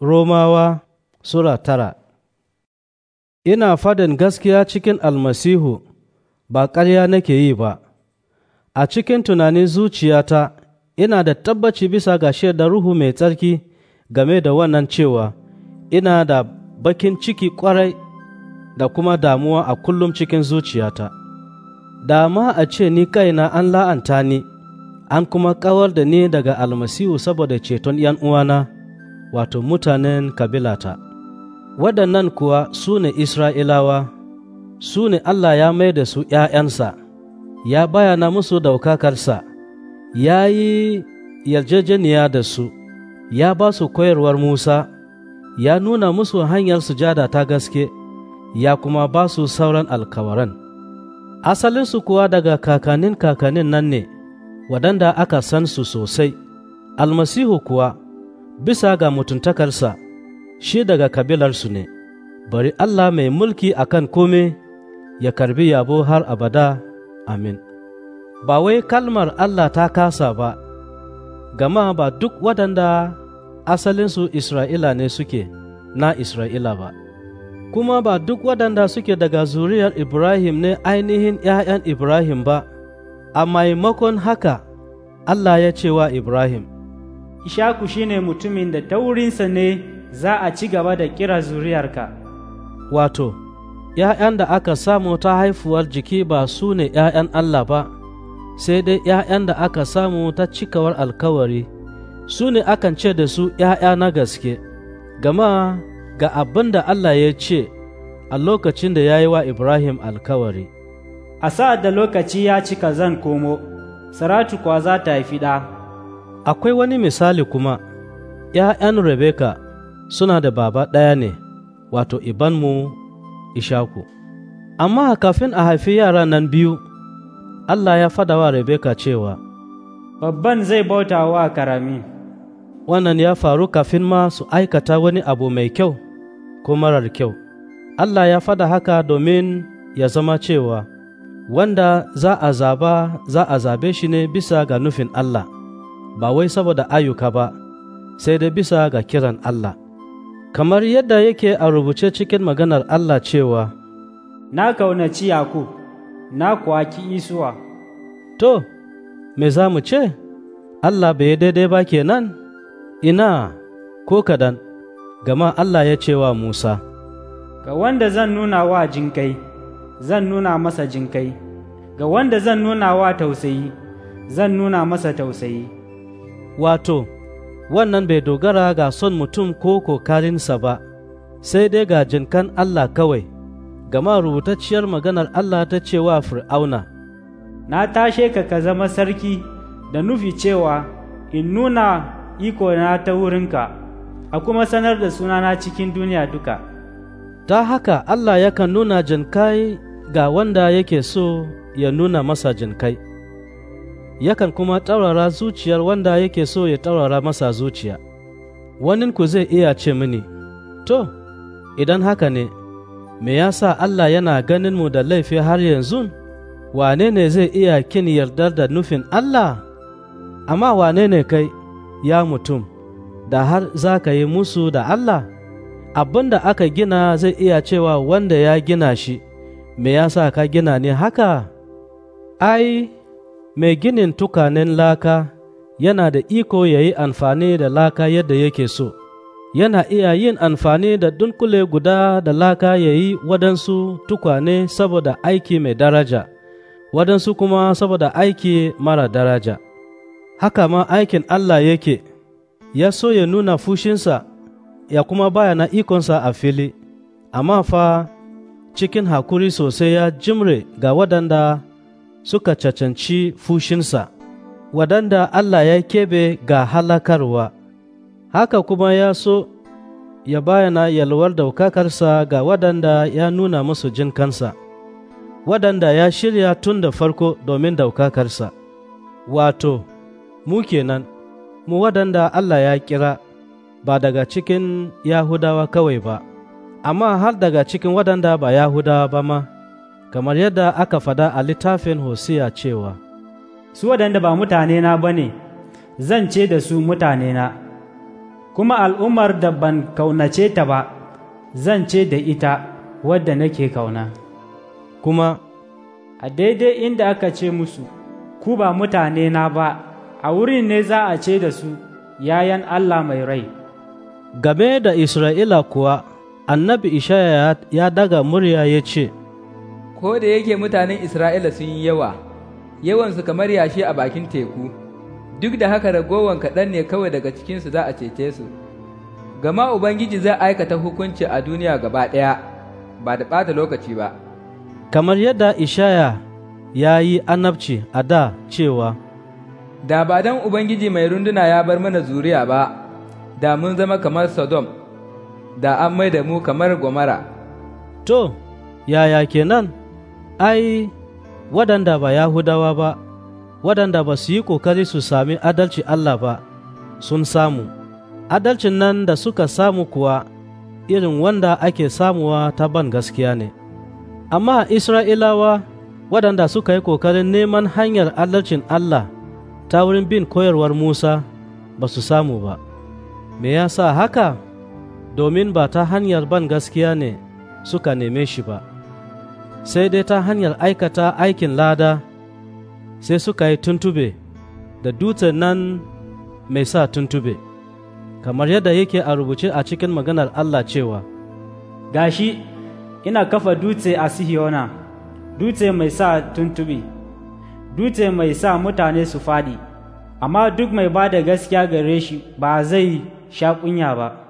Romawa Sura tara Ina fadin gaskiya cikin almasihu ba ƙarya nake yi ba, a cikin tunanin zuciyata ina da tabbaci bisa ga shaidar Ruhu mai tsarki game da wannan cewa ina da bakin ciki ƙwarai da kuma damuwa a kullum cikin zuciyata. Dama a ce ni kaina an la'anta ni, an kuma kawar da ni daga almasihu saboda ceton uwana. wato mutanen kabilata. Waɗannan kuwa su ne Isra'ilawa, su ne Allah ya mai da su ’ya'yansa, ya bayana musu ɗaukakarsa ya yi yarjejeniya da su, ya ba su koyarwar Musa, ya nuna musu hanyar sujada ta gaske, ya kuma ba su sauran alkawaran. Asalinsu kuwa daga kakannin kakannin nan ne, waɗanda aka san su sosai, almasihu kuwa. bisa ga mutuntakarsa shi daga kabilarsu ne bari Allah mai mulki akan kome ya karbi yabo har abada amin ba wai kalmar Allah ta kasa ba gama ba duk waɗanda asalinsu Isra'ila ne suke na Isra'ila ba kuma ba duk waɗanda suke daga zuriyar Ibrahim ne ainihin ‘ya'yan Ibrahim ba a maimakon haka Allah ya ce wa Ibrahim Ishaku shine mutumin da taurinsa ne za a ci gaba da kira zuriyarka. Wato, ‘ya'yan da aka samu ta haifuwar jiki ba su ne ‘ya'yan Allah ba, sai dai ‘ya'yan da aka samu ta cikawar alkawari, su ne akan ce da su ‘ya'ya na gaske, gama ga abin da Allah ya ce a lokacin da ya yi wa Ibrahim alkawari. A sa'ad da lokaci ya cika zan komo, Saratu kwa za ta haifi ɗa. Akwai wani misali kuma, ‘ya'yan Rebeka suna da baba ɗaya ne, wato Ibanmu Ishaku. Amma kafin a haifi yara nan biyu, Allah ya fada wa Rebeka cewa, Babban zai bauta wa karami. Wannan ya faru kafin ma su aikata wani abu mai kyau ko marar kyau. Allah ya fada haka domin ya zama cewa, wanda za a zaba za a zabe shi ne bisa ga nufin Allah. ba wai saboda ayyuka ba, sai dai bisa ga kiran Allah. Kamar yadda yake a rubuce cikin maganar Allah cewa, Na kaunaci Yakub, na kwaki isuwa. To, me za mu ce? Allah bai daidai ba kenan? Ina, ko kaɗan, gama Allah ya ce wa Musa, Ga wanda zan nuna wa jinkai, zan nuna masa jinkai, ga wanda zan nuna wa tausayi, zan nuna masa tausayi. wato, wannan bai dogara ga son mutum ko kokarinsa ba, sai dai ga jinkan Allah kawai, gama rubutacciyar maganar Allah ta cewa Fir'auna. Na tashe ka ka zama sarki da nufi cewa in nuna ikona ta wurinka, a kuma sanar da sunana cikin duniya duka. Ta haka Allah yakan nuna jinkai ga wanda yake so ya nuna masa jinkai. yakan kuma taurara zuciyar wanda yake so ya taurara masa zuciya. wanin ku zai iya ce mini, To, idan haka ne, me ya sa Allah yana ganin mu da laifi har yanzu? Wane ne zai iya kin yardar da nufin Allah? Amma wane ne kai, ya mutum, da har za ka yi musu da Allah? Abin da aka gina zai iya cewa wanda ya gina shi, me ya sa ka gina ne haka? Ai, mai ginin tukanen laka yana da iko ya yi amfani da laka yadda yake so, yana iya yin amfani da dunkule guda da laka ya yi waɗansu tukwane saboda aiki mai daraja, waɗansu kuma saboda aiki mara daraja. Haka ma aikin Allah yake, ya so ya nuna fushinsa ya kuma bayana ikonsa a fili, amma fa cikin hakuri sosai ya jimre ga waɗanda suka cancanci fushinsa, waɗanda Allah ya kebe ga halakarwa, haka kuma ya so ya bayana yalwar daukakarsa ga waɗanda ya nuna musu jin kansa, waɗanda ya shirya tun da farko domin daukakarsa. Wato, mu kenan, mu waɗanda Allah ya kira ba daga cikin Yahudawa kawai ba, amma har daga cikin waɗanda ba Yahudawa ba ma. kamar yadda aka fada a littafin Hosiya cewa, Su waɗanda ba mutane na ba ne, zan ce da su mutane na, kuma al'ummar da ban kaunace ta ba, zan ce da ita wadda nake kauna. Kuma, a daidai inda aka ce musu, ku ba mutane na ba, a wurin ne za a ce da su, yayan Allah mai rai. Game da Isra'ila kuwa, annabi Ishaya ya daga murya ya ce, ko da yake mutanen Isra'ila sun yi yawa, yawansu kamar yashi a bakin teku, duk da haka ragowan kaɗan ne kawai daga cikinsu za a cece su. Gama Ubangiji zai aikata hukunci a duniya gaba ɗaya, ba da ɓata lokaci ba. Kamar yadda Ishaya ya yi annabci a da cewa, Da ba don Ubangiji mai runduna ya bar mana zuriya ba, da mun zama kamar Sodom, da an mai da mu kamar Gomara. To, yaya kenan? ai, waɗanda ba Yahudawa ba, waɗanda ba su yi ƙoƙari su sami adalci Allah ba, sun samu, adalcin nan da suka samu kuwa irin wanda ake samuwa ta ban gaskiya ne. Amma Isra'ilawa waɗanda suka yi ƙoƙarin neman hanyar adalcin Allah ta wurin bin koyarwar Musa ba su samu ba. Me ya sa haka? Domin ba ta hanyar ban gaskiya ne suka neme shi ba. sai dai ta hanyar aikata aikin lada sai suka yi tuntube da dutsen nan mai sa tuntube kamar yadda yake a rubuce a cikin maganar Allah cewa gashi ina kafa dutse a sihiyona dutse mai sa tuntube dutse mai sa mutane su faɗi amma duk mai ba da gaskiya gare shi ba zai sha kunya ba